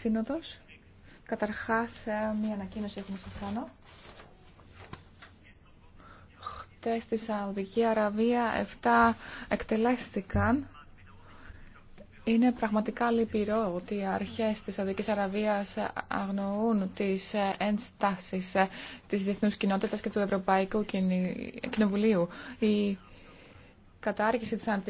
Σύνοδος. Καταρχάς, ε, μία ανακοίνωση έχουμε να σας κάνω. Χτες στη Σαουδική Αραβία 7 εκτελέστηκαν. Είναι πραγματικά λυπηρό ότι οι αρχές της Σαουδικής Αραβίας αγνοούν τις ε, ενστάσεις ε, της διεθνούς κοινότητας και του Ευρωπαϊκού Κοινοβουλίου. Η κατάργηση της